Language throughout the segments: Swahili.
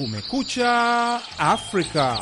Kumekucha Afrika.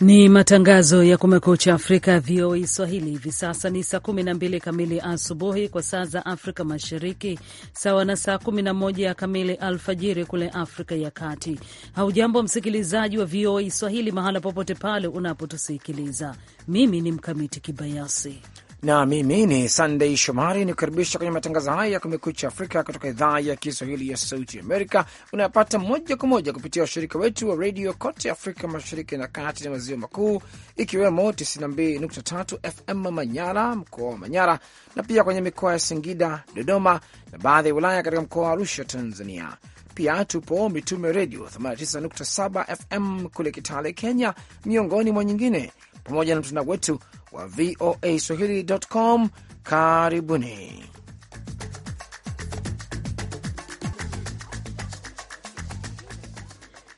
Ni matangazo ya Kumekucha Afrika VOA Swahili. Hivi sasa ni saa 12 kamili asubuhi kwa saa za Afrika Mashariki, sawa na saa 11 kamili alfajiri kule Afrika ya Kati. Haujambo msikilizaji wa VOA Swahili, mahala popote pale unapotusikiliza. Mimi ni Mkamiti Kibayasi na mimi ni Sandei Shomari ni kukaribisha kwenye matangazo haya ya Kumekucha Afrika kutoka idhaa ya Kiswahili ya Sauti Amerika. Unayapata moja kwa moja kupitia washirika wetu wa redio kote Afrika Mashariki na Kati na Maziwa Makuu, ikiwemo 92.3 FM Manyara, mkoa wa Manyara, na pia kwenye mikoa ya Singida, Dodoma na baadhi ya wilaya katika mkoa wa Arusha, Tanzania. Pia tupo Mitume Redio 89.7 FM kule Kitale, Kenya, miongoni mwa nyingine pamoja na mtandao wetu wa VOA swahili.com. Karibuni.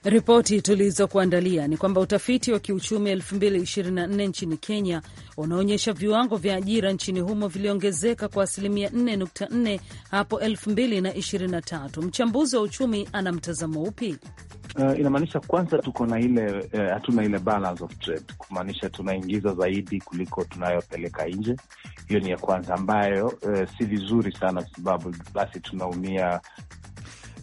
Ripoti tulizokuandalia ni kwamba utafiti wa kiuchumi 2024 nchini Kenya unaonyesha viwango vya ajira nchini humo viliongezeka kwa asilimia 4.4 hapo 2023. Mchambuzi wa uchumi ana mtazamo upi? Uh, inamaanisha kwanza tuko na ile eh, hatuna uh, ile balance of trade, kumaanisha tunaingiza zaidi kuliko tunayopeleka nje. Hiyo ni ya kwanza ambayo uh, si vizuri sana, sababu basi tunaumia.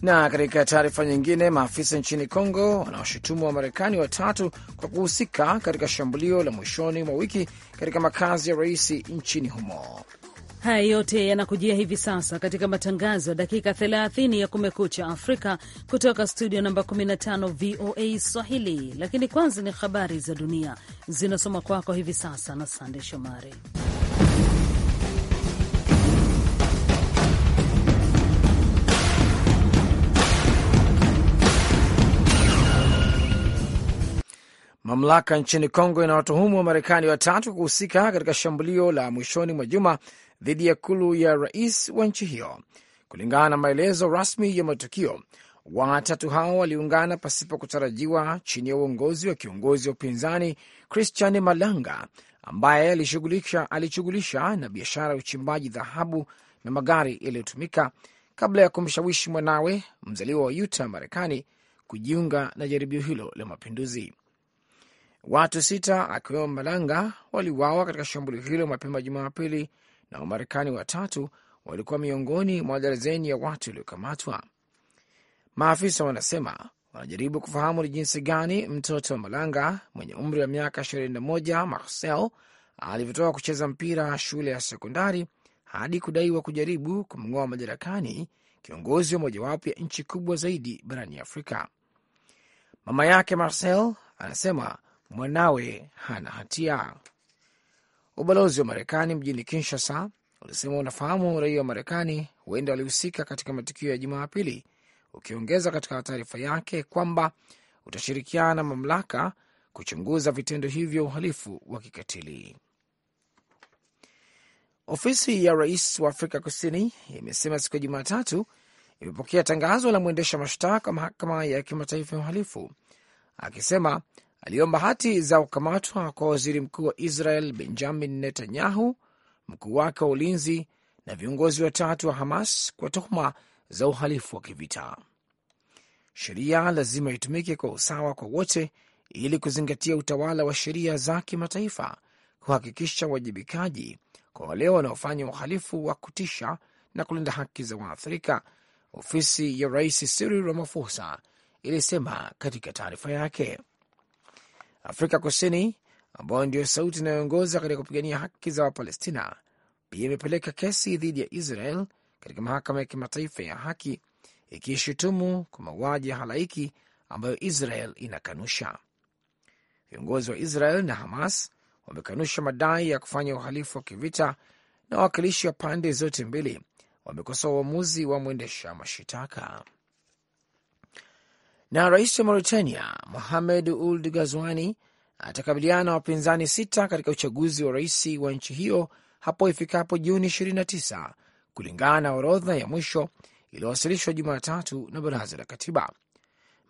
Na katika taarifa nyingine, maafisa nchini congo wanaoshutumu wa Marekani watatu kwa kuhusika katika shambulio la mwishoni mwa wiki katika makazi ya rais nchini humo. Haya yote yanakujia hivi sasa katika matangazo ya dakika 30 ya Kumekucha Afrika kutoka studio namba 15 VOA Swahili. Lakini kwanza ni habari za dunia zinasoma kwako hivi sasa na Sande Shomari. Mamlaka nchini Kongo inawatuhumu wa marekani watatu kuhusika katika shambulio la mwishoni mwa juma dhidi ya kulu ya rais wa nchi hiyo. Kulingana na maelezo rasmi ya matukio, watatu hao waliungana pasipo kutarajiwa chini ya uongozi wa kiongozi wa upinzani Christian Malanga ambaye alishughulisha na biashara ya uchimbaji dhahabu na magari yaliyotumika kabla ya kumshawishi mwanawe mzaliwa wa Utah, Marekani, kujiunga na jaribio hilo la mapinduzi. Watu sita akiwemo Malanga waliuawa katika shambulio hilo mapema Jumapili na Wamarekani watatu walikuwa miongoni mwa darazeni ya watu waliokamatwa. Maafisa wanasema wanajaribu kufahamu ni jinsi gani mtoto wa Malanga mwenye umri wa miaka 21 Marcel alivyotoka kucheza mpira shule ya sekondari hadi kudaiwa kujaribu kumng'oa madarakani kiongozi wa mojawapo ya nchi kubwa zaidi barani Afrika. Mama yake Marcel anasema mwanawe hana hatia. Ubalozi wa Marekani mjini Kinshasa ulisema unafahamu raia wa Marekani huenda walihusika katika matukio ya Jumapili, ukiongeza katika taarifa yake kwamba utashirikiana na mamlaka kuchunguza vitendo hivyo uhalifu wa kikatili. Ofisi ya rais wa Afrika Kusini imesema siku ya Jumatatu imepokea tangazo la mwendesha mashtaka mahakama ya kimataifa ya uhalifu akisema aliomba hati za kukamatwa kwa waziri mkuu wa Israel Benjamin Netanyahu, mkuu wake wa ulinzi na viongozi watatu wa Hamas kwa tuhuma za uhalifu wa kivita. Sheria lazima itumike kwa usawa kwa wote ili kuzingatia utawala wa sheria za kimataifa, kuhakikisha uwajibikaji kwa wale wanaofanya uhalifu wa kutisha na kulinda haki za waathirika, ofisi ya rais Cyril Ramaphosa ilisema katika taarifa yake. Afrika Kusini, ambayo ndiyo sauti inayoongoza katika kupigania haki za Wapalestina, pia imepeleka kesi dhidi ya Israel katika mahakama ya kimataifa ya haki ikiishutumu kwa mauaji ya halaiki ambayo Israel inakanusha. Viongozi wa Israel na Hamas wamekanusha madai ya kufanya uhalifu wa kivita na wawakilishi wa pande zote mbili wamekosoa uamuzi wa mwendesha mashitaka. Na rais wa Mauritania Mohamed uld gazwani atakabiliana na wapinzani sita katika uchaguzi wa rais wa nchi hiyo hapo ifikapo Juni 29 kulingana na orodha ya mwisho iliyowasilishwa Jumatatu na baraza la katiba.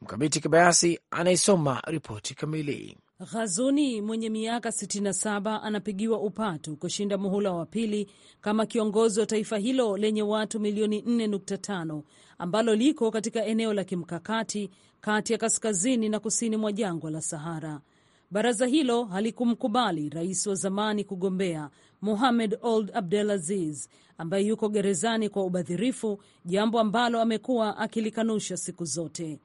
Mkamiti Kibayasi anaisoma ripoti kamili. Ghazuni mwenye miaka 67 anapigiwa upatu kushinda muhula wa pili kama kiongozi wa taifa hilo lenye watu milioni 4.5 ambalo liko katika eneo la kimkakati kati ya kaskazini na kusini mwa jangwa la Sahara. Baraza hilo halikumkubali rais wa zamani kugombea Mohamed Ould Abdelaziz ambaye yuko gerezani kwa ubadhirifu, jambo ambalo amekuwa akilikanusha siku zote.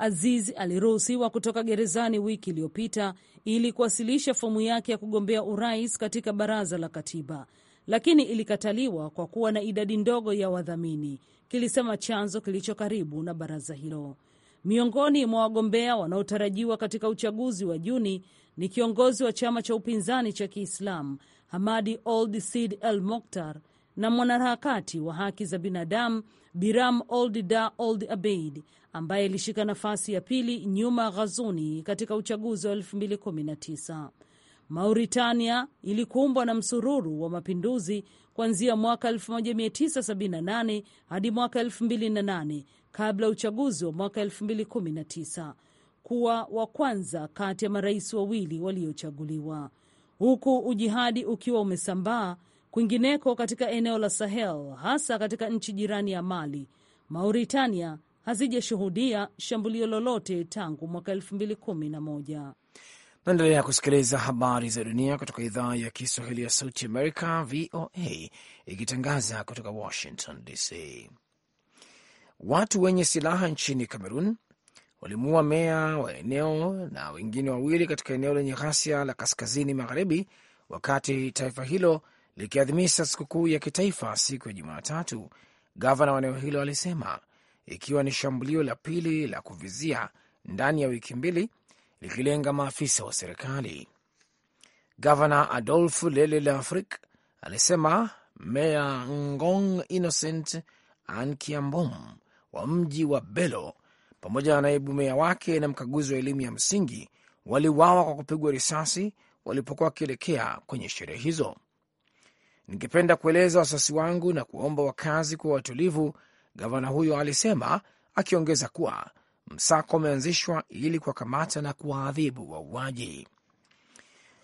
Aziz aliruhusiwa kutoka gerezani wiki iliyopita ili kuwasilisha fomu yake ya kugombea urais katika baraza la katiba, lakini ilikataliwa kwa kuwa na idadi ndogo ya wadhamini, kilisema chanzo kilicho karibu na baraza hilo. Miongoni mwa wagombea wanaotarajiwa katika uchaguzi wa Juni ni kiongozi wa chama cha upinzani cha Kiislamu Hamadi Old Sid El Moktar na mwanaharakati wa haki za binadamu Biram Old Da Old Abeid ambaye ilishika nafasi ya pili nyuma Ghazuni katika uchaguzi wa 2019. Mauritania ilikumbwa na msururu wa mapinduzi kuanzia mwaka 1978 hadi mwaka 2008 kabla uchaguzi wa mwaka 2019 kuwa wa kwanza kati ya marais wawili waliochaguliwa, huku ujihadi ukiwa umesambaa kwingineko katika eneo la Sahel, hasa katika nchi jirani ya Mali. Mauritania hazijashuhudia shambulio lolote tangu mwaka 2011. Naendelea kusikiliza habari za dunia kutoka idhaa ya Kiswahili ya Sauti Amerika, VOA, ikitangaza kutoka Washington DC. Watu wenye silaha nchini cameron walimuua meya wa eneo na wengine wawili katika eneo lenye ghasia la kaskazini magharibi, wakati taifa hilo likiadhimisha sikukuu ya kitaifa siku ya Jumatatu. Gavana wa eneo hilo alisema ikiwa ni shambulio la pili la kuvizia ndani ya wiki mbili likilenga maafisa wa serikali. Gavana Adolfu Lele Lafrik alisema meya Ngong Innocent Ankiambom wa mji wa Belo pamoja na naibu meya wake na mkaguzi wa elimu ya msingi waliuawa kwa kupigwa risasi walipokuwa wakielekea kwenye sherehe hizo. Ningependa kueleza wasasi wangu na kuomba wakazi kuwa watulivu gavana huyo alisema, akiongeza kuwa msako umeanzishwa ili kuwakamata na kuwaadhibu wauaji.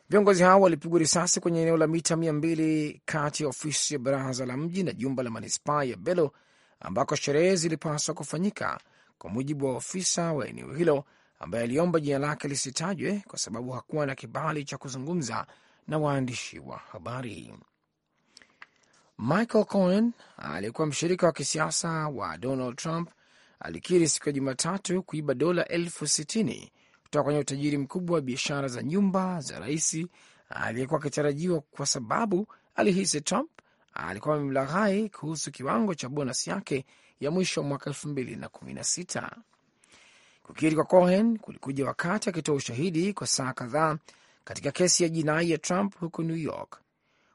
Viongozi hao walipigwa risasi kwenye eneo la mita mia mbili kati ya ofisi ya baraza la mji na jumba la manispaa ya Belo ambako sherehe zilipaswa kufanyika, kwa mujibu wa ofisa wa eneo hilo ambaye aliomba jina lake lisitajwe kwa sababu hakuwa na kibali cha kuzungumza na waandishi wa habari. Michael Cohen aliyekuwa mshirika wa kisiasa wa Donald Trump alikiri siku ya Jumatatu kuiba dola elfu sitini kutoka kwenye utajiri mkubwa wa biashara za nyumba za rais aliyekuwa akitarajiwa kwa sababu alihisi Trump alikuwa amemlaghai kuhusu kiwango cha bonas yake ya mwisho wa mwaka elfu mbili na kumi na sita. Kukiri kwa Cohen kulikuja wakati akitoa ushahidi kwa saa kadhaa katika kesi ya jinai ya Trump huko New York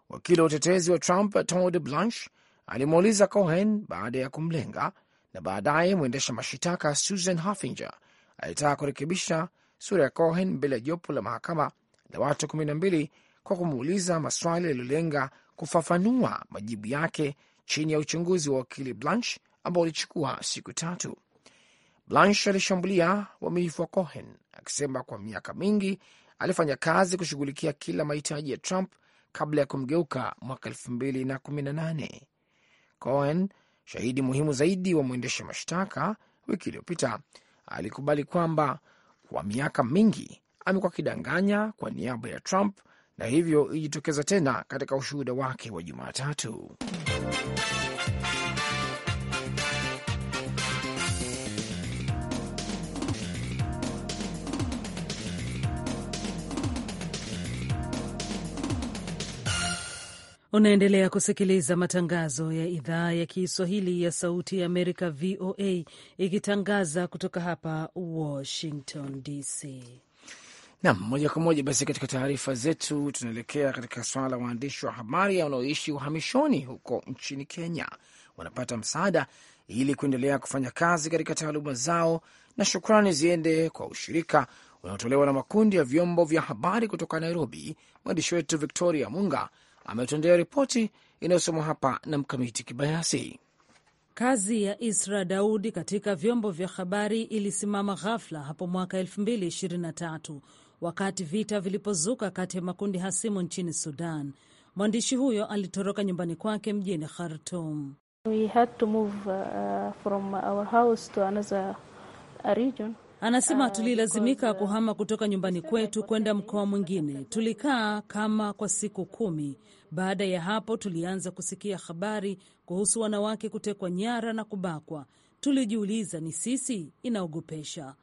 Wakili wa utetezi wa Trump Tony Blanche alimuuliza Cohen baada ya kumlenga, na baadaye mwendesha mashitaka Susan Hoffinger alitaka kurekebisha sura ya Cohen mbele ya jopo la mahakama la watu kumi na mbili kwa kumuuliza maswali yaliyolenga kufafanua majibu yake chini ya uchunguzi wa wakili Blanche ambao ulichukua siku tatu. Blanche alishambulia uaminifu wa Cohen akisema kwa miaka mingi alifanya kazi kushughulikia kila mahitaji ya Trump kabla ya kumgeuka mwaka nane. Cohen, shahidi muhimu zaidi wa mwendesha mashtaka, wiki iliyopita alikubali kwamba kwa miaka mingi amekuwa akidanganya kwa niaba ya Trump na hivyo ilijitokeza tena katika ushuhuda wake wa Jumatatu. Unaendelea kusikiliza matangazo ya idhaa ya Kiswahili ya Sauti ya Amerika, VOA, ikitangaza kutoka hapa Washington DC. Nam moja kwa moja basi, katika taarifa zetu tunaelekea katika swala la waandishi wa habari wanaoishi uhamishoni huko nchini Kenya. Wanapata msaada ili kuendelea kufanya kazi katika taaluma zao, na shukrani ziende kwa ushirika unaotolewa na makundi ya vyombo vya habari kutoka Nairobi. Mwandishi wetu Victoria Munga ametendea ripoti inayosomwa hapa na Mkamiti Kibayasi. Kazi ya Isra Daudi katika vyombo vya habari ilisimama ghafla hapo mwaka 2023 wakati vita vilipozuka kati ya makundi hasimu nchini Sudan. Mwandishi huyo alitoroka nyumbani kwake mjini Khartum. Uh, uh, Anasema uh, tulilazimika kuhama kutoka nyumbani kwetu kwenda mkoa mwingine. Tulikaa kama kwa siku kumi baada ya hapo, tulianza kusikia habari kuhusu wanawake kutekwa nyara na kubakwa. Tulijiuliza, ni sisi? Inaogopesha.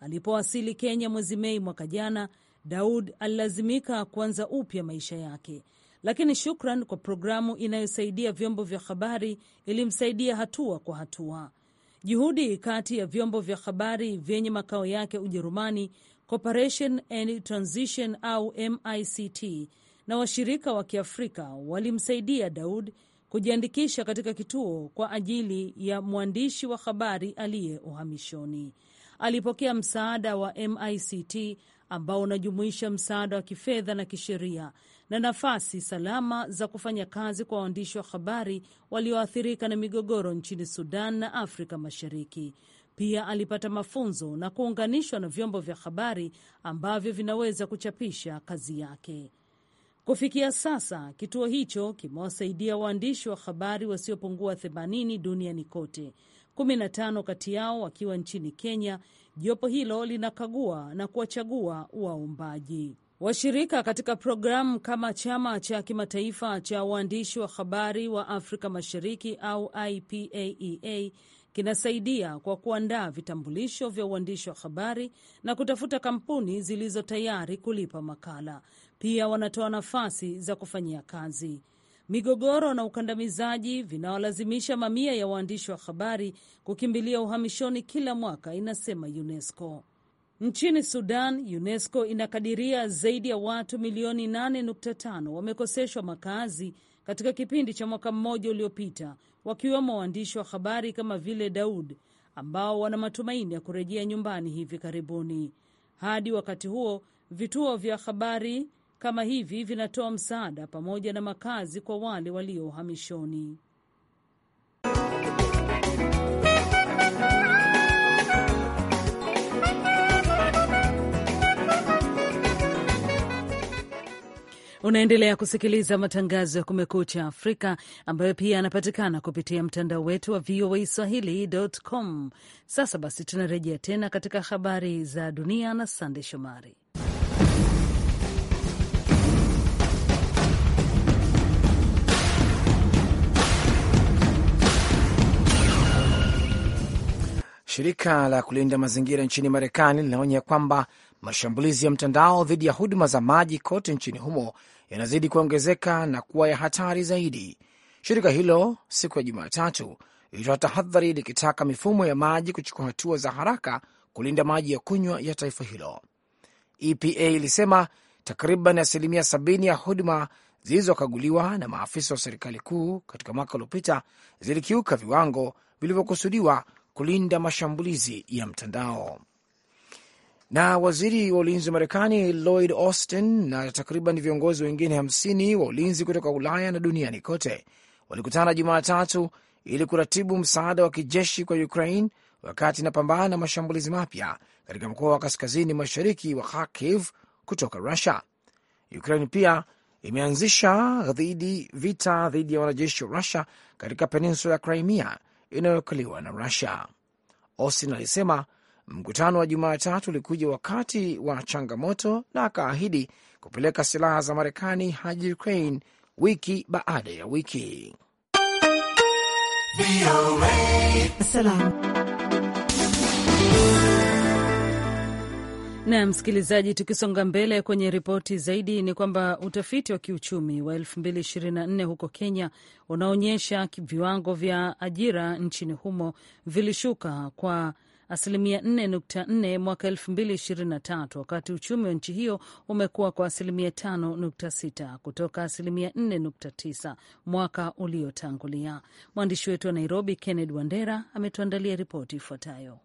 Alipowasili Kenya mwezi Mei mwaka jana, Daud alilazimika kuanza upya maisha yake, lakini shukran kwa programu inayosaidia vyombo vya habari ilimsaidia hatua kwa hatua. Juhudi kati ya vyombo vya habari vyenye makao yake Ujerumani, Cooperation and Transition au MICT na washirika wa Kiafrika walimsaidia Daud kujiandikisha katika kituo kwa ajili ya mwandishi wa habari aliye uhamishoni. Alipokea msaada wa MICT ambao unajumuisha msaada wa kifedha na kisheria na nafasi salama za kufanya kazi kwa waandishi wa habari walioathirika na migogoro nchini Sudan na Afrika Mashariki. Pia alipata mafunzo na kuunganishwa na vyombo vya habari ambavyo vinaweza kuchapisha kazi yake. Kufikia sasa kituo hicho kimewasaidia waandishi wa habari wasiopungua 80 duniani kote, 15 kati yao wakiwa nchini Kenya. Jopo hilo linakagua na kuwachagua waombaji. Washirika katika programu kama chama cha kimataifa cha waandishi wa habari wa Afrika Mashariki au IPAEA e kinasaidia kwa kuandaa vitambulisho vya uandishi wa habari na kutafuta kampuni zilizo tayari kulipa makala pia wanatoa nafasi za kufanyia kazi. Migogoro na ukandamizaji vinawalazimisha mamia ya waandishi wa habari kukimbilia uhamishoni kila mwaka, inasema UNESCO. Nchini Sudan, UNESCO inakadiria zaidi ya watu milioni 8.5 wamekoseshwa makazi katika kipindi cha mwaka mmoja uliopita, wakiwemo waandishi wa habari kama vile Daud ambao wana matumaini ya kurejea nyumbani hivi karibuni. Hadi wakati huo, vituo vya habari kama hivi vinatoa msaada pamoja na makazi kwa wale walio uhamishoni. Unaendelea kusikiliza matangazo ya Kumekucha Afrika ambayo pia yanapatikana kupitia mtandao wetu wa VOA Swahili.com. Sasa basi, tunarejea tena katika habari za dunia na Sande Shomari. Shirika la kulinda mazingira nchini Marekani linaonya kwamba mashambulizi ya mtandao dhidi ya huduma za maji kote nchini humo yanazidi kuongezeka na kuwa ya hatari zaidi. Shirika hilo siku ya Jumatatu ilitoa tahadhari likitaka mifumo ya maji kuchukua hatua za haraka kulinda maji ya kunywa ya taifa hilo. EPA ilisema takriban asilimia sabini ya huduma zilizokaguliwa na maafisa wa serikali kuu katika mwaka uliopita zilikiuka viwango vilivyokusudiwa kulinda mashambulizi ya mtandao. Na waziri wa ulinzi wa Marekani Lloyd Austin na takriban viongozi wengine hamsini wa ulinzi kutoka Ulaya na duniani kote walikutana Jumatatu ili kuratibu msaada wa kijeshi kwa Ukraine wakati inapambana na mashambulizi mapya katika mkoa wa kaskazini mashariki wa Kharkiv kutoka Russia. Ukraine pia imeanzisha dhidi vita dhidi ya wanajeshi wa Russia katika peninsula ya Crimea inayokaliwa na Rusia. Austin alisema mkutano wa Jumatatu ulikuja wakati wa changamoto na akaahidi kupeleka silaha za Marekani hadi Ukraine wiki baada ya wiki. Na msikilizaji, tukisonga mbele kwenye ripoti zaidi ni kwamba utafiti wa kiuchumi wa 2024 huko Kenya unaonyesha viwango vya ajira nchini humo vilishuka kwa asilimia 4.4 mwaka 2023 wakati uchumi wa nchi hiyo umekuwa kwa asilimia 5.6 kutoka asilimia 4.9 mwaka uliotangulia. Mwandishi wetu wa Nairobi, Kenneth Wandera, ametuandalia ripoti ifuatayo.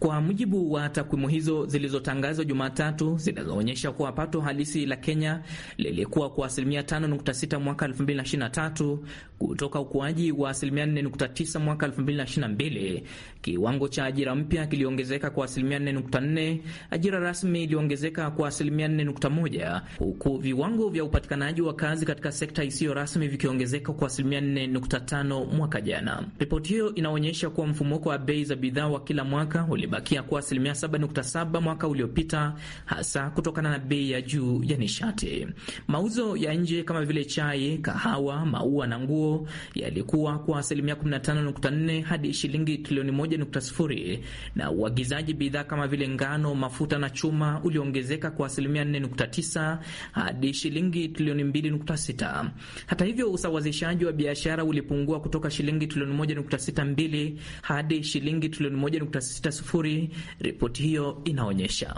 Kwa mujibu wa takwimu hizo zilizotangazwa Jumatatu zinazoonyesha kuwa pato halisi la Kenya lilikuwa kwa asilimia 5.6 mwaka 2023 kutoka ukuaji wa asilimia 4.9 mwaka 2022. Kiwango cha ajira mpya kiliongezeka kwa asilimia 4.4, ajira rasmi iliongezeka kwa asilimia 4.1, huku viwango vya upatikanaji wa kazi katika sekta isiyo rasmi vikiongezeka kwa asilimia 4.5 mwaka jana. Ripoti hiyo inaonyesha kuwa mfumuko wa bei za bidhaa wa kila mwaka ulibakia kwa asilimia 7.7 mwaka uliopita, hasa kutokana na bei ya juu ya nishati. Mauzo ya nje kama vile chai, kahawa, maua na nguo huo yalikuwa kwa asilimia 15.4 hadi shilingi trilioni 1.0 na uagizaji bidhaa kama vile ngano, mafuta na chuma uliongezeka kwa asilimia 4.9 hadi shilingi trilioni 2.6. Hata hivyo, usawazishaji wa biashara ulipungua kutoka shilingi trilioni 1.62 hadi shilingi trilioni 1.60, ripoti hiyo inaonyesha.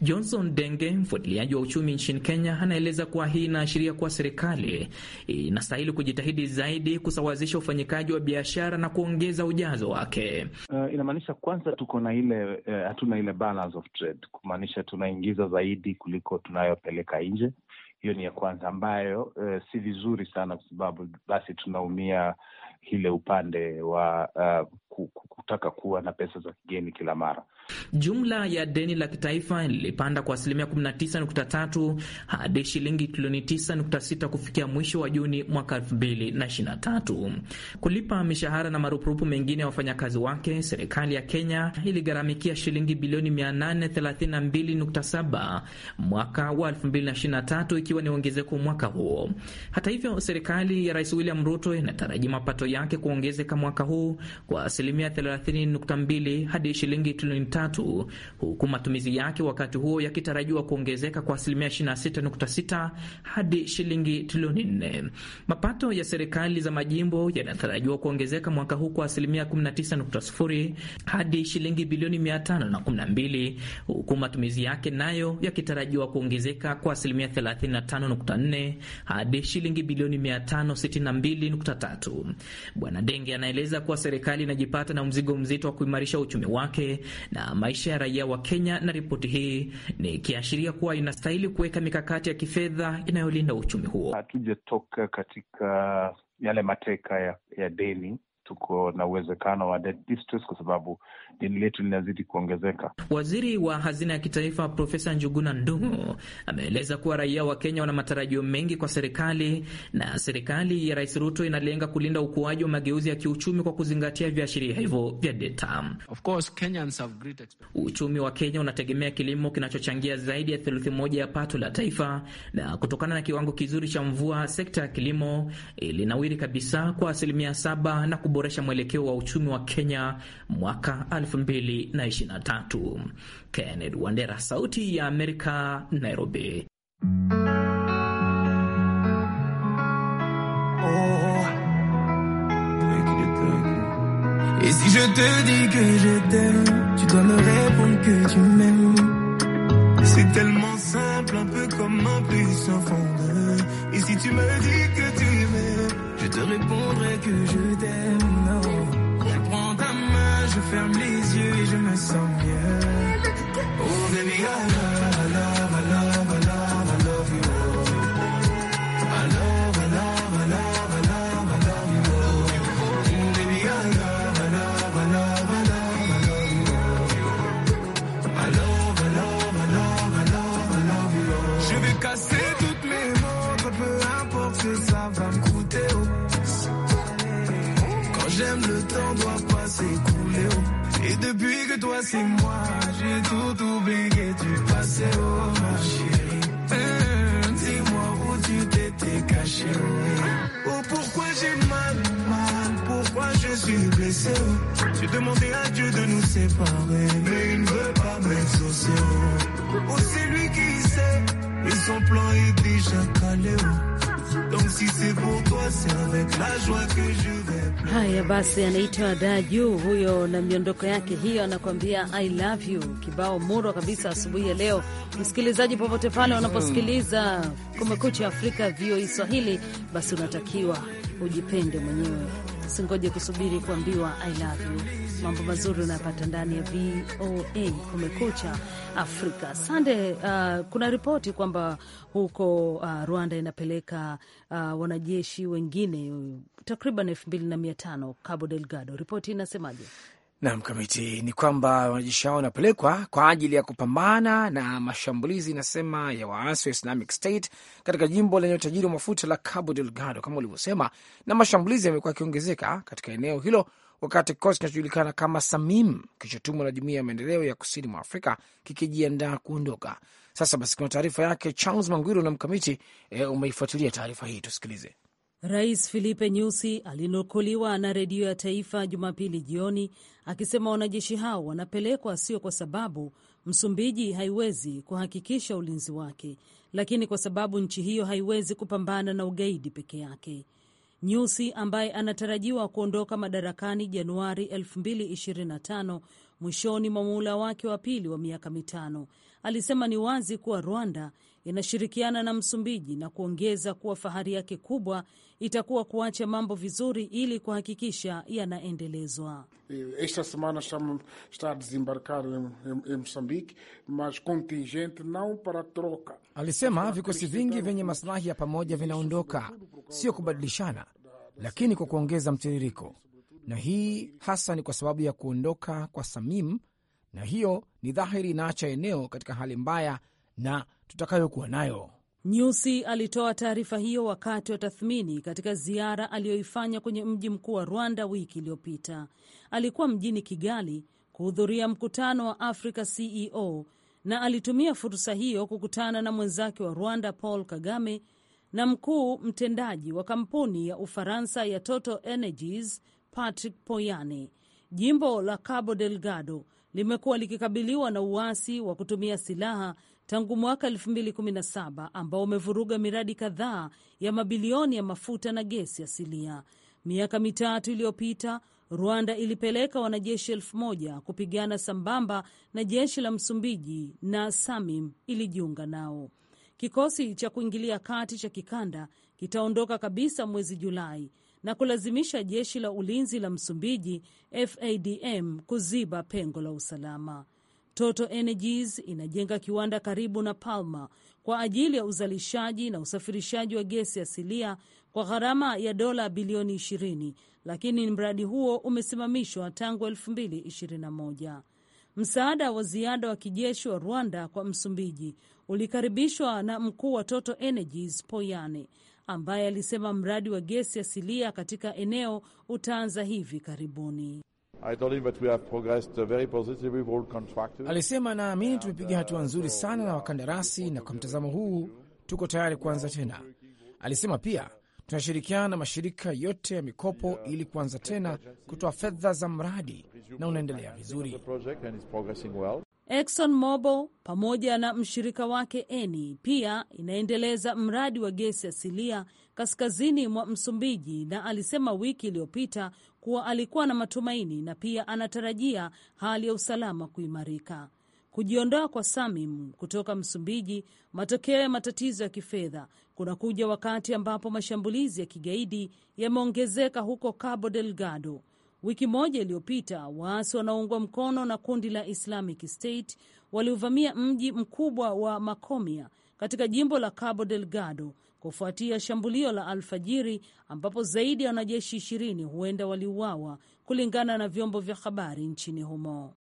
Johnson Denge, mfuatiliaji wa uchumi nchini Kenya, anaeleza kuwa hii inaashiria kuwa serikali inastahili kujitahidi za zaidi kusawazisha ufanyikaji wa biashara na kuongeza ujazo wake. Uh, inamaanisha kwanza tuko na ile eh, hatuna uh, ile balance of trade, kumaanisha tunaingiza zaidi kuliko tunayopeleka nje hiyo ni ya kwanza ambayo e, si vizuri sana, kwa sababu basi tunaumia ile upande wa uh, kutaka kuwa na pesa za kigeni kila mara. Jumla ya deni la kitaifa lilipanda kwa asilimia 19.3 hadi shilingi trilioni 9.6 kufikia mwisho wa Juni mwaka 2023. Kulipa mishahara na marupurupu mengine ya wafanyakazi wake, serikali ya Kenya iligharamikia shilingi bilioni 832.7 mwaka wa 2023 ikiwa ni ongezeko mwaka huo. Hata hivyo, serikali ya Rais William Ruto inataraji mapato yake kuongezeka mwaka huu kwa asilimia 30.2 hadi shilingi trilioni tatu, huku matumizi yake wakati huo yakitarajiwa kuongezeka kwa asilimia 26.6 hadi shilingi trilioni 4. Mapato ya serikali za majimbo yanatarajiwa kuongezeka mwaka huu kwa asilimia 19.0 hadi shilingi bilioni 512, huku matumizi yake nayo yakitarajiwa kuongezeka kwa asilimia 504 hadi shilingi bilioni 562.3. Bwana Denge anaeleza kuwa serikali inajipata na mzigo mzito wa kuimarisha uchumi wake na maisha ya raia wa Kenya, na ripoti hii ni ikiashiria kuwa inastahili kuweka mikakati ya kifedha inayolinda uchumi huo. Hatujatoka katika yale mateka ya, ya deni tuko na uwezekano wa debt distress kwa sababu deni letu linazidi kuongezeka. Waziri wa hazina ya kitaifa Profesa Njuguna Ndung'u ameeleza kuwa raia wa Kenya wana matarajio mengi kwa serikali na serikali ya Rais Ruto inalenga kulinda ukuaji wa mageuzi ya kiuchumi kwa kuzingatia viashiria hivyo vya data. Of course, Kenyans have great Uchumi wa Kenya unategemea kilimo kinachochangia zaidi ya theluthi moja ya pato la taifa, na kutokana na kiwango kizuri cha mvua, sekta ya kilimo ilinawiri kabisa kwa asilimia saba na kuboresha mwelekeo wa uchumi wa Kenya mwaka 2023. Kenneth Wandera, Sauti ya Amerika, Nairobi. Et si je te dis que je t'aime, tu dois me répondre que tu m'aimes. C'est tellement simple, un peu comme un puissant fondeur. Et si tu me dis que tu m'aimes, je répondrai que je t'aime, non. Je prends ta main, je ferme les yeux et je me sens bien. Oh baby, I love, I love, I love, I love, I love you. I love, I love, I love, I love, I love you. Oh baby, I love, I love, I love, I love, I love you. I love, I love, I love, I love, I love you. Je vais casser toutes mes montres, peu importe, ça va me doit eh oh. Et depuis que toi c'est moi, j'ai tout oublié du passé, oh ma chérie. Eh, Dis-moi eh, où tu t'étais caché, oh. oh. pourquoi j'ai mal, mal, pourquoi je suis blessé, oh. J'ai demandé à Dieu de nous séparer, mais il ne veut pas m'exaucer, oh. oh c'est lui qui sait, et son plan est déjà calé, oh. Haya basi, anaitwa Daju huyo na miondoko yake hiyo, anakuambia I love you, kibao murwa kabisa asubuhi ya leo. Msikilizaji popote pale mm. unaposikiliza Kumekucha Afrika VOA Swahili, basi unatakiwa ujipende mwenyewe, singoje kusubiri kuambiwa I love you mambo mazuri unayopata ndani ya VOA Kumekucha Afrika. Sande, uh, kuna ripoti kwamba huko uh, Rwanda inapeleka uh, wanajeshi wengine takriban elfu mbili na mia tano Cabo Delgado. Ripoti inasemaje? Naam, Kamiti, ni kwamba wanajeshi hao wanapelekwa kwa ajili ya kupambana na mashambulizi inasema ya waasi wa Islamic State katika jimbo lenye utajiri wa mafuta la Cabo Delgado, kama ulivyosema, na mashambulizi yamekuwa yakiongezeka katika eneo hilo wakati kikosi kinachojulikana kama SAMIM kilichotumwa na Jumuiya ya Maendeleo ya Kusini mwa Afrika kikijiandaa kuondoka. Sasa basi, kuna taarifa yake Charles Mangwiro na mkamiti e, umeifuatilia taarifa hii, tusikilize. Rais Filipe Nyusi alinukuliwa na redio ya taifa Jumapili jioni akisema wanajeshi hao wanapelekwa sio kwa sababu Msumbiji haiwezi kuhakikisha ulinzi wake, lakini kwa sababu nchi hiyo haiwezi kupambana na ugaidi peke yake. Nyusi ambaye anatarajiwa kuondoka madarakani Januari 2025 mwishoni mwa muhula wake wa pili wa miaka mitano. Alisema ni wazi kuwa Rwanda inashirikiana na Msumbiji na kuongeza kuwa fahari yake kubwa itakuwa kuacha mambo vizuri ili kuhakikisha yanaendelezwa. Esta semana está a desembarcar em Moçambique mas contingente não para troca. Alisema vikosi vingi vyenye maslahi ya pamoja vinaondoka, sio kubadilishana, lakini kwa kuongeza mtiririko na hii hasa ni kwa sababu ya kuondoka kwa Samim, na hiyo ni dhahiri inaacha eneo katika hali mbaya na tutakayokuwa nayo. Nyusi alitoa taarifa hiyo wakati wa tathmini katika ziara aliyoifanya kwenye mji mkuu wa Rwanda wiki iliyopita. Alikuwa mjini Kigali kuhudhuria mkutano wa Africa CEO na alitumia fursa hiyo kukutana na mwenzake wa Rwanda Paul Kagame na mkuu mtendaji wa kampuni ya Ufaransa ya Total Energies Patrick Poyane. Jimbo la Cabo Delgado limekuwa likikabiliwa na uasi wa kutumia silaha tangu mwaka 2017 ambao umevuruga miradi kadhaa ya mabilioni ya mafuta na gesi asilia. Miaka mitatu iliyopita, Rwanda ilipeleka wanajeshi elfu moja kupigana sambamba na jeshi la Msumbiji na SAMIM ilijiunga nao. Kikosi cha kuingilia kati cha kikanda kitaondoka kabisa mwezi Julai na kulazimisha jeshi la ulinzi la Msumbiji FADM kuziba pengo la usalama. Total Energies inajenga kiwanda karibu na Palma kwa ajili ya uzalishaji na usafirishaji wa gesi asilia kwa gharama ya dola bilioni 20, lakini mradi huo umesimamishwa tangu 2021. Msaada wa ziada wa kijeshi wa Rwanda kwa Msumbiji ulikaribishwa na mkuu wa Total Energies Poyane ambaye alisema mradi wa gesi asilia katika eneo utaanza hivi karibuni. Alisema, naamini uh, tumepiga hatua nzuri sana na wakandarasi, na kwa mtazamo huu tuko tayari kuanza tena. Alisema pia tunashirikiana na mashirika yote ya mikopo ili kuanza tena kutoa fedha za mradi, na unaendelea vizuri. Exxon Mobil pamoja na mshirika wake Eni pia inaendeleza mradi wa gesi asilia kaskazini mwa Msumbiji na alisema wiki iliyopita kuwa alikuwa na matumaini na pia anatarajia hali ya usalama kuimarika. Kujiondoa kwa Samim kutoka Msumbiji, matokeo ya matatizo ya kifedha, kunakuja wakati ambapo mashambulizi ya kigaidi yameongezeka huko Cabo Delgado Wiki moja iliyopita, waasi wanaoungwa mkono na kundi la Islamic State waliuvamia mji mkubwa wa Makomia katika jimbo la Cabo Delgado kufuatia shambulio la alfajiri ambapo zaidi ya wanajeshi ishirini huenda waliuawa kulingana na vyombo vya habari nchini humo.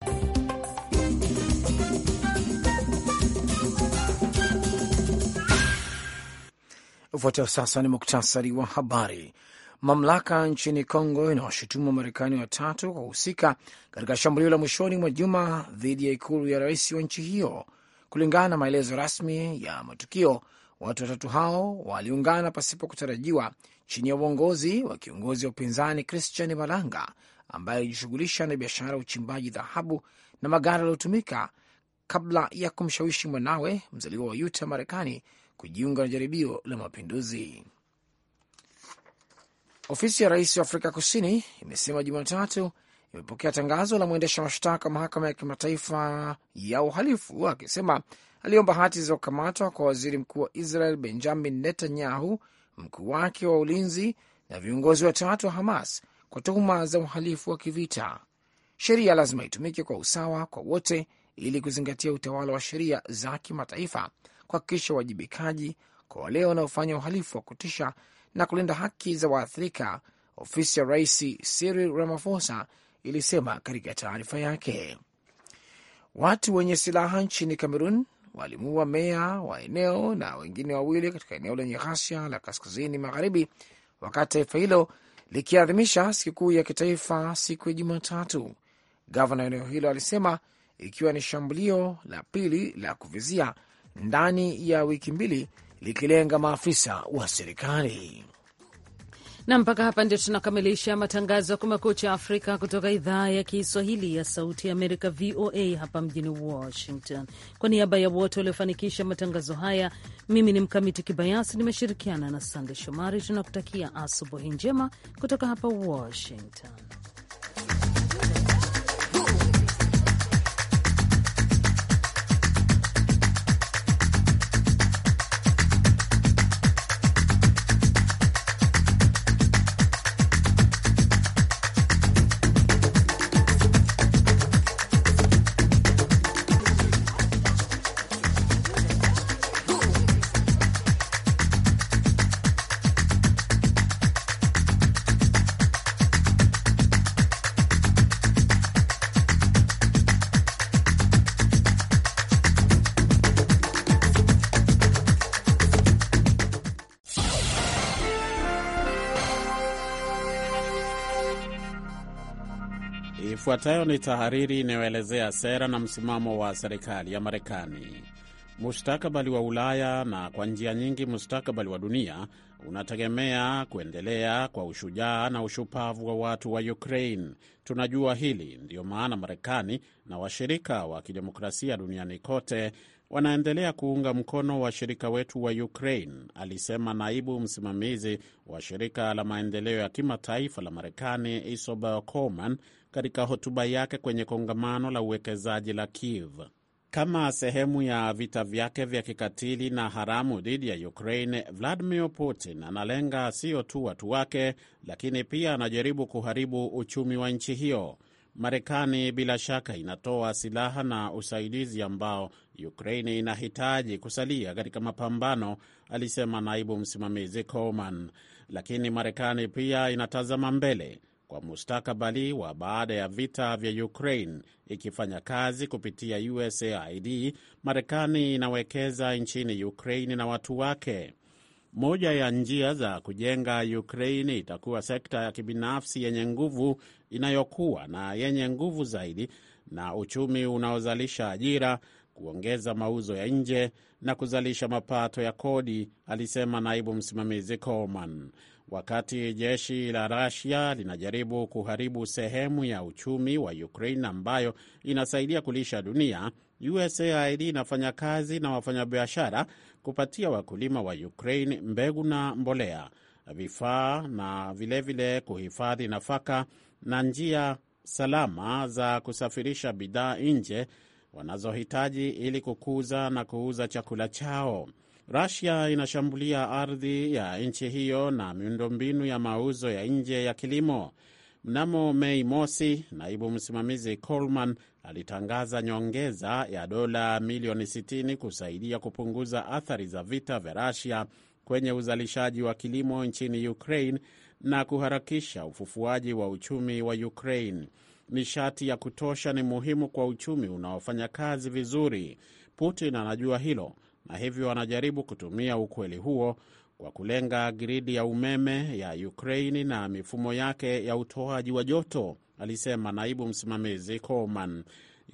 Ufuatao sasa ni muktasari wa habari. Mamlaka nchini Congo inawashutumu Wamarekani watatu kwa kuhusika katika shambulio la mwishoni mwa juma dhidi ya ikulu ya rais wa nchi hiyo. Kulingana na maelezo rasmi ya matukio, watu watatu hao waliungana pasipo kutarajiwa chini ya uongozi wa kiongozi wa upinzani Christian Malanga ambaye alijishughulisha na biashara ya uchimbaji dhahabu na magari yaliyotumika kabla ya kumshawishi mwanawe mzaliwa wa Yuta Marekani kujiunga na jaribio la mapinduzi. Ofisi ya rais wa Afrika Kusini imesema Jumatatu imepokea tangazo la mwendesha mashtaka mahakama ya kimataifa ya uhalifu akisema aliomba hati za kukamatwa kwa waziri mkuu wa Israel Benjamin Netanyahu, mkuu wake wa ulinzi na viongozi watatu wa Hamas kwa tuhuma za uhalifu wa kivita. Sheria lazima itumike kwa usawa kwa wote ili kuzingatia utawala wa sheria za kimataifa, kuhakikisha uwajibikaji kwa wale wanaofanya uhalifu wa kutisha na kulinda haki za waathirika, ofisi ya rais Cyril Ramaphosa ilisema katika taarifa yake. Watu wenye silaha nchini Kamerun walimuua meya wa eneo na wengine wawili katika eneo lenye ghasia la kaskazini magharibi, wakati taifa hilo likiadhimisha sikukuu ya kitaifa siku ya Jumatatu. Gavana eneo hilo alisema ikiwa ni shambulio la pili la kuvizia ndani ya wiki mbili likilenga maafisa wa serikali. Na mpaka hapa ndio tunakamilisha matangazo ya Kumekucha Afrika kutoka idhaa ya Kiswahili ya Sauti ya Amerika, VOA hapa mjini Washington. Kwa niaba ya wote waliofanikisha matangazo haya, mimi ni Mkamiti Kibayasi, nimeshirikiana na Sande Shomari. Tunakutakia asubuhi njema kutoka hapa Washington. Ifuatayo ni tahariri inayoelezea sera na msimamo wa serikali ya Marekani. Mustakabali wa Ulaya na kwa njia nyingi mustakabali wa dunia unategemea kuendelea kwa ushujaa na ushupavu wa watu wa Ukraine. Tunajua hili, ndiyo maana Marekani na washirika wa kidemokrasia duniani kote wanaendelea kuunga mkono washirika wetu wa Ukraine, alisema naibu msimamizi wa shirika la maendeleo ya kimataifa la Marekani Isobel Coleman katika hotuba yake kwenye kongamano la uwekezaji la Kiev. Kama sehemu ya vita vyake vya kikatili na haramu dhidi ya Ukraine, Vladimir Putin analenga sio tu watu wake, lakini pia anajaribu kuharibu uchumi wa nchi hiyo. Marekani bila shaka inatoa silaha na usaidizi ambao Ukraini inahitaji kusalia katika mapambano, alisema naibu msimamizi Coleman. Lakini Marekani pia inatazama mbele kwa mustakabali wa baada ya vita vya Ukraine. Ikifanya kazi kupitia USAID, Marekani inawekeza nchini Ukraini na watu wake. Moja ya njia za kujenga ukrain itakuwa sekta ya kibinafsi yenye nguvu inayokuwa na yenye nguvu zaidi na uchumi unaozalisha ajira, kuongeza mauzo ya nje na kuzalisha mapato ya kodi, alisema naibu msimamizi Coleman. Wakati jeshi la Rasia linajaribu kuharibu sehemu ya uchumi wa Ukraine ambayo inasaidia kulisha dunia, USAID inafanya kazi na wafanyabiashara kupatia wakulima wa Ukraine mbegu na mbolea, vifaa na vilevile kuhifadhi nafaka na njia salama za kusafirisha bidhaa nje wanazohitaji ili kukuza na kuuza chakula chao. Rusia inashambulia ardhi ya nchi hiyo na miundombinu ya mauzo ya nje ya kilimo. Mnamo Mei mosi, naibu msimamizi Coleman alitangaza nyongeza ya dola milioni 60 kusaidia kupunguza athari za vita vya Rusia kwenye uzalishaji wa kilimo nchini Ukraine na kuharakisha ufufuaji wa uchumi wa Ukraine. Nishati ya kutosha ni muhimu kwa uchumi unaofanya kazi vizuri. Putin anajua hilo na hivyo anajaribu kutumia ukweli huo kwa kulenga gridi ya umeme ya Ukraini na mifumo yake ya utoaji wa joto, alisema naibu msimamizi Coleman.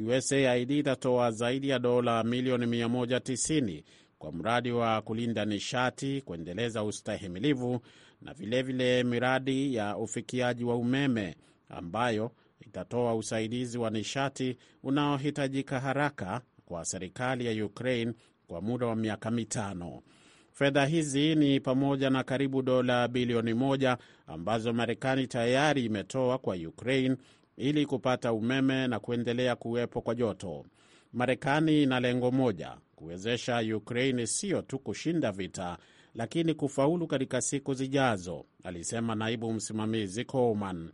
USAID itatoa zaidi ya dola milioni 190 kwa mradi wa kulinda nishati, kuendeleza ustahimilivu na vilevile vile miradi ya ufikiaji wa umeme ambayo itatoa usaidizi wa nishati unaohitajika haraka kwa serikali ya Ukraine kwa muda wa miaka mitano. Fedha hizi ni pamoja na karibu dola bilioni moja ambazo Marekani tayari imetoa kwa Ukraine ili kupata umeme na kuendelea kuwepo kwa joto. Marekani ina lengo moja, kuwezesha Ukraine sio tu kushinda vita, lakini kufaulu katika siku zijazo, alisema naibu msimamizi Coleman.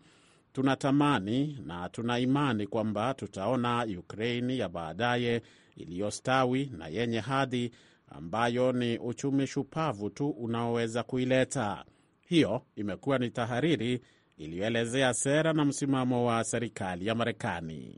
Tunatamani na tuna imani kwamba tutaona ukrain ya baadaye iliyostawi na yenye hadhi ambayo ni uchumi shupavu tu unaoweza kuileta. Hiyo imekuwa ni tahariri iliyoelezea sera na msimamo wa serikali ya Marekani.